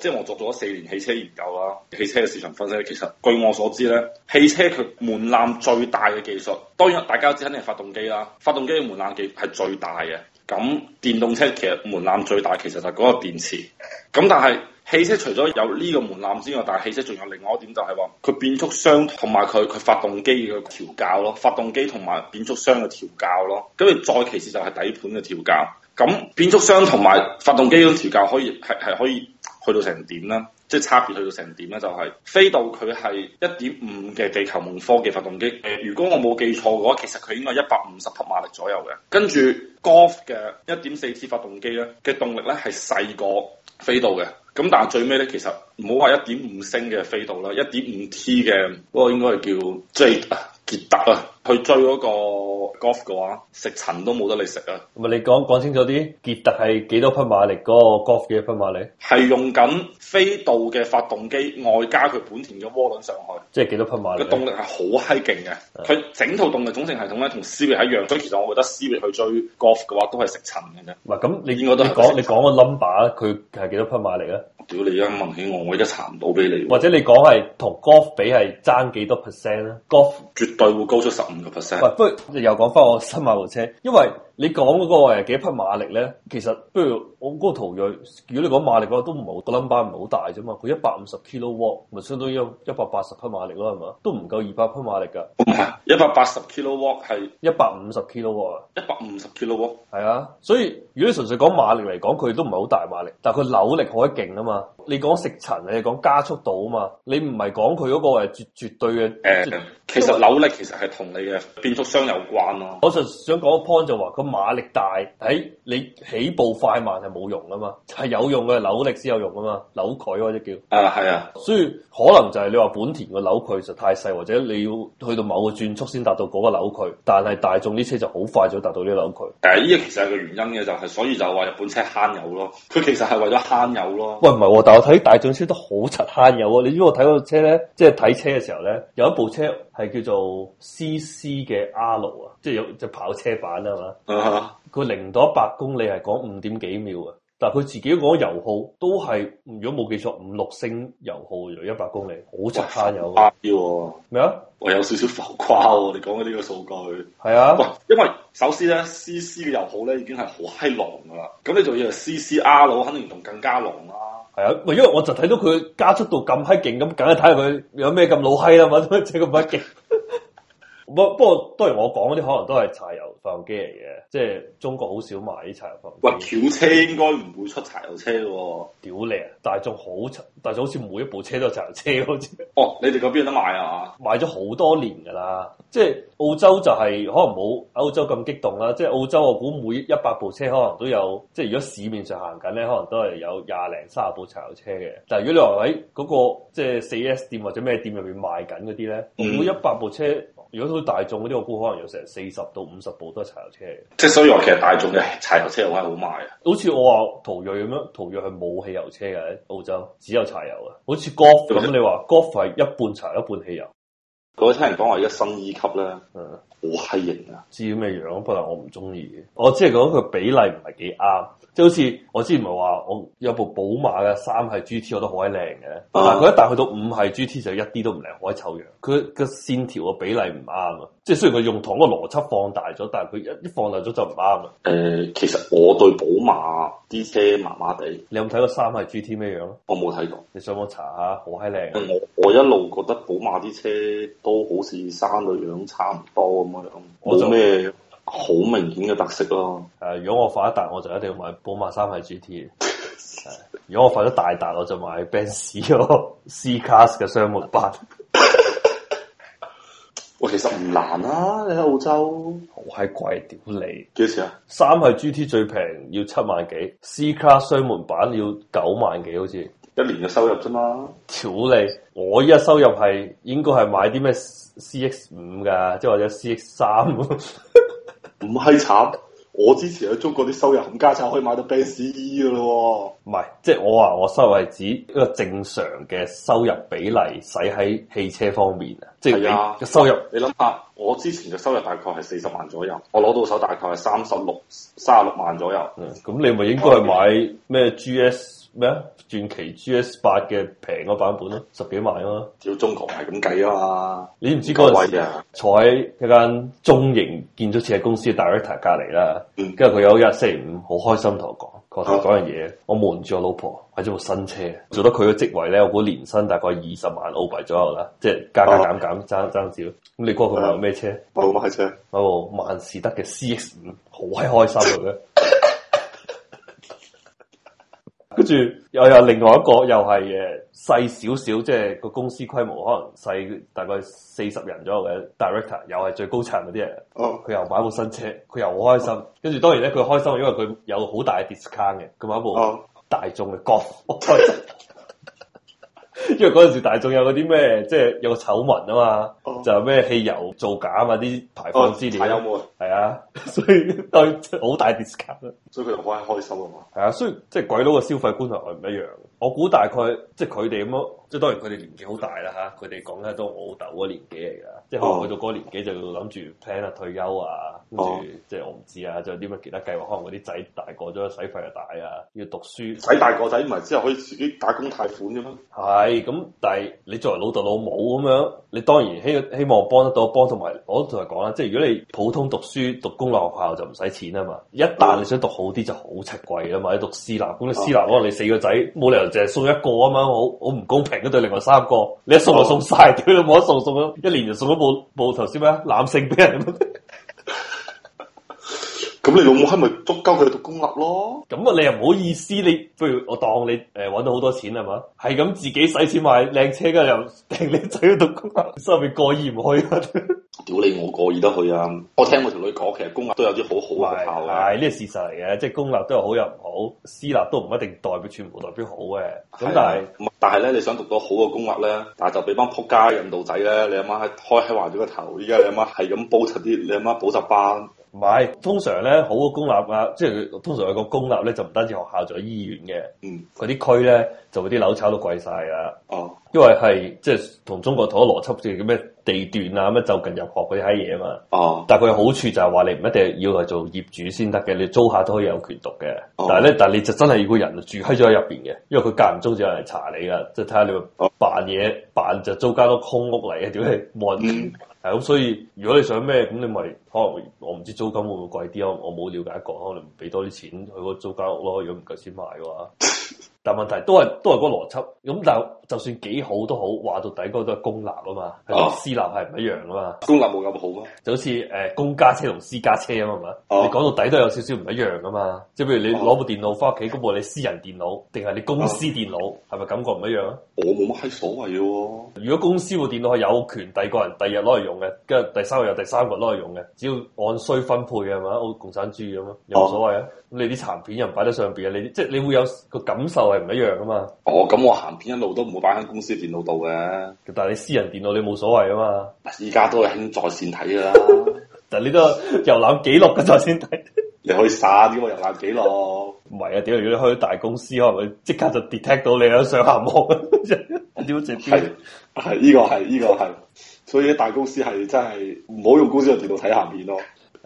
即係我做咗四年汽車研究啦，汽車嘅市場分析，其實據我所知咧，汽車佢門檻最大嘅技術，當然大家知，肯定係發動機啦。發動機嘅門檻技術係最大嘅。咁電動車其實門檻最大，其實就嗰個電池。咁但係汽車除咗有呢個門檻之外，但係汽車仲有另外一點就係話，佢變速箱同埋佢佢發動機嘅調校咯，發動機同埋變速箱嘅調校咯。跟住再其次就係底盤嘅調校。咁變速箱同埋發動機嘅調校可以係係可以。去到成點啦，即係差別去到成點咧，就係、是、飛度佢係一點五嘅地球夢科技發動機，誒，如果我冇記錯嘅話，其實佢應該係一百五十匹馬力左右嘅。跟住 Golf 嘅一點四 T 發動機咧嘅動力咧係細過飛度嘅，咁但係最尾咧其實唔好話一點五升嘅飛度啦，一點五 T 嘅嗰、那個應該係叫 J 啊傑德啊。去追嗰個 Golf 嘅話，食塵都冇得你食啊！唔係你講，講清楚啲，傑特係幾多匹馬力？嗰個 Golf 幾多匹馬力？係、那個、用緊飛度嘅發動機，外加佢本田嘅渦輪上去，即係幾多匹馬力？個動力係好嗨勁嘅，佢的整套動力總成系統咧同思域係一樣，所以其實我覺得思域去追 Golf 嘅話都係食塵嘅啫。唔咁你，你應我都講你講個 number，佢係幾多匹馬力咧？屌你而家問起我，我而家查唔到俾你。或者你講係同 Golf 比係爭幾多 percent 咧？Golf 絕對會高出十五個 percent。喂，不如又講翻我新買部車，因為你講嗰個誒幾匹馬力咧，其實不如我嗰、那個途銳。如果你講馬力嘅話，都唔好個 number 唔好大啫嘛。佢一百五十 kilowatt，咪相當於一百八十匹馬力咯，係嘛？都唔夠二百匹馬力㗎。唔係一百八十 kilowatt 係一百五十 kilowatt，一百五十 kilowatt 係啊。所以如果你純粹講馬力嚟講，佢都唔係好大馬力，但係佢扭力好勁啊嘛～你講食塵，你係講加速度啊嘛，你唔係講佢嗰個誒絕絕對嘅誒，欸、為其實扭力其實係同你嘅變速箱有關咯、啊。我想就想講個 point 就話，個馬力大喺、欸、你起步快慢係冇用噶嘛，係有用嘅扭力先有用噶嘛，扭矩或者叫啊係啊，啊啊所以可能就係你話本田嘅扭矩就太細，或者你要去到某個轉速先達到嗰個扭矩，但係大眾啲車就好快就達到呢個扭矩。誒，呢個其實係個原因嘅、就是，就係所以就話日本車慳油咯，佢其實係為咗慳油咯。唔係但我睇大眾車都好柒慳油喎。你知我睇嗰個車咧，即係睇車嘅時候咧，有一部車係叫做 CC 嘅 R 啊，即係有隻跑車版啦，係嘛？佢零、uh huh. 到一百公里係講五點幾秒啊，但係佢自己講油耗都係，如果冇記錯五六升油耗，用一百公里好柒慳油啊！要咩啊？我有少少浮誇喎，你講緊呢個數據係啊？因為首先咧，CC 嘅油耗咧已經係好閪浪㗎啦，咁你仲要 CCR 佬，肯定同更加浪啦。唔係，因為我就睇到佢加速度咁閪勁，咁梗係睇下佢有咩咁老閪啦嘛，即係咁閪勁。 不不過當然我講嗰啲可能都係柴油發動機嚟嘅，即係中國好少買柴油發動機。喂！轎車應該唔會出柴油車喎。哦，屌你啊！但係仲好，但係好似每一部車都係柴油車好似。哦，你哋嗰邊有得賣啊？賣咗好多年噶啦，即係澳洲就係、是、可能冇歐洲咁激動啦。即係澳洲我估每一百部車可能都有，即係如果市面上行緊咧，可能都係有廿零卅部柴油車嘅。但係如果你話喺嗰個即係四 S 店或者咩店入面賣緊嗰啲咧，嗯、每一百部車。如果到大眾嗰啲我估可能有成四十到五十部都係柴油車嘅，即係所以話其實大眾嘅柴油車油我係好賣啊，好似我話途睿咁樣，途睿係冇汽油車嘅，澳洲只有柴油啊。好似 Golf 咁你話 Golf 係一半柴油一半汽油。各位聽人講話而家新 E 級咧，嗯，好閪型啊，知咩樣？不過我唔中意我只係覺得佢比例唔係幾啱，即係好似我之前唔係話我有部寶馬嘅三係 G T，我覺得好閪靚嘅，嗯、但係佢一旦去到五係 G T 就一啲都唔靚，好閪醜樣，佢個線條嘅比例唔啱啊！即係雖然佢用同一個邏輯放大咗，但係佢一啲放大咗就唔啱啊！誒、呃，其實我對寶馬啲車麻麻地，你有冇睇過三係 G T 咩樣？我冇睇過，你上網查下，好閪靚！我我一路覺得寶馬啲車。都好似生到樣差唔多咁樣，冇咩好明顯嘅特色咯。誒、呃，如果我發一達，我就一定要買寶馬三系 GT。如果我發咗大達，我就買 Benz 咯 ，C Class 嘅雙門版。喂、 呃，其實唔難啊，你喺澳洲，我係貴屌你，幾多錢啊？三系 GT 最平要七萬幾，C Class 雙門版要九萬幾，好似。一年嘅收入啫嘛，屌你！我依家收入係應該係買啲咩 C X 五噶，即係或者 C X 三，唔係慘。我之前喺中國啲收入咁加慘，可以買到 Benz E 噶咯。唔係，即係我話我收入係指一個正常嘅收入比例，使喺汽車方面即啊。係嘅收入你諗下，我之前嘅收入大概係四十萬左右，我攞到手大概係三十六三十六萬左右。嗯，咁你咪應該係買咩 G S？咩啊？傳祺 G S 八嘅平個版本咯，十幾萬嘛、啊，照中國係咁計啊嘛，你唔知嗰陣時坐喺一間中型建築設計公司 director 隔籬啦，跟住佢有一日星期五好開心同我講，講講樣嘢，啊、我瞞住我老婆買咗部新車，做到佢嘅職位咧，我估年薪大概二十萬澳幣左右啦，即係加加減減爭爭少。咁你估佢有咩車？寶馬、啊、車，萬事得嘅 C X 五，好閪開心啊！ 跟住又有另外一個又係誒細少少，即係個公司規模可能細大概四十人左右嘅 director，又係最高層嗰啲人，佢、oh. 又買部新車，佢又好開心。跟住當然咧，佢開心，因為佢有好大嘅 discount 嘅，佢買一部大眾嘅 Golf 因為嗰陣時大眾有嗰啲咩，即係有個醜聞啊嘛，啊就咩汽油造假啊啲排放資料，係啊的，所以對好 大 discount，所以佢又開開心啊嘛。係啊，所以即係鬼佬嘅消費觀念唔一樣。我估大概即係佢哋咁咯，即係當然佢哋年紀好大啦吓，佢哋講緊都我老豆嗰年紀嚟噶啦，即係去到嗰年紀就諗住 plan 啊退休啊，跟住即係我唔知啊，就有啲乜其他計劃，可能啲仔大個咗，使費又大啊，要讀書，使大個仔唔係之後可以自己打工貸款嘅嘛。係咁，但係你作為老豆老母咁樣，你當然希希望幫得到幫，幫同埋我都同佢講啦，即係如果你普通讀書讀公立學校就唔使錢啊嘛，一旦你想讀好啲就好，出貴啊嘛，你讀私立，咁你私立可能你四個仔冇理由。就係送一個吖嘛，好，好唔公平嘅對另外三個，你一送就送晒，屌、啊、你冇得送就送咯，一年就送咗部部頭先咩男性俾人，咁你老母係咪捉鳩佢讀公立咯？咁啊，你又唔好意思，你不如我當你誒揾、呃、到好多錢係嘛，係咁自己使錢買靚車嘅，又訂你仔去讀公立，真咪過意唔去啊！ 屌你我過意得去啊！我聽我條女講，其實公立都有啲好好學校啊。係呢個事實嚟嘅，即係公立都有好有唔好，私立都唔一定代表全部代表好嘅。咁的但係是，但係咧，你想讀到好嘅公立咧，但係就俾班撲街印度仔咧，你阿媽開喺壞咗個頭。依家你阿媽係咁補出啲，你阿媽補習班唔係通常咧好嘅公立啊，即係佢通常有個公立咧就唔單止學校，仲有醫院嘅。嗯，啲區咧就會啲樓炒到貴晒啊！哦、嗯。因為係即係同中國同一邏輯，即係叫咩地段啊，咩就近入學嗰啲閪嘢啊嘛。哦，oh. 但係佢嘅好處就係話你唔一定要係做業主先得嘅，你租下都可以有權讀嘅、oh.。但係咧，但係你就真係要個人住喺咗喺入邊嘅，因為佢間唔中就有人查你噶，即係睇下你扮嘢扮就租間屋空屋嚟嘅。點解冇人？係咁、mm.，所以如果你想咩咁，你咪可能我唔知租金會唔會貴啲咯？我冇了解過，可能俾多啲錢去個租間屋咯。如果唔夠錢買嘅話。但問題都係都係嗰個邏輯，咁但係就算幾好都好，話到底嗰個都係公立啊嘛，啊私立係唔一樣啊嘛，公立冇咁好咯，就好似誒、呃、公家車同私家車啊嘛，啊你講到底都有少少唔一樣噶嘛，即係譬如你攞部電腦翻屋企嗰部你私人電腦，定係你公司電腦，係咪、啊、感覺唔一樣啊？我冇乜閪所謂喎，如果公司部電腦係有權第二個人第二日攞嚟用嘅，跟住第三個又第三個攞嚟用嘅，只要按需分配嘅係嘛，共產主義咁嘛？又冇所謂啊，咁你啲殘片又唔擺得上邊啊，你即係你會有個感受。係唔一樣噶嘛？哦，咁我行片一路都唔會擺喺公司電腦度嘅。但係你私人電腦你冇所謂啊嘛。依家都係興在線睇啦。 但係你都瀏覽記錄嘅在線睇。你可以耍啲我瀏覽記錄。唔係 啊，屌！如果你開大公司，可唔可即刻就 detect 到你喺上下網？屌， 即係，係呢個係呢個係，所以大公司係真係唔好用公司嘅電腦睇行片咯。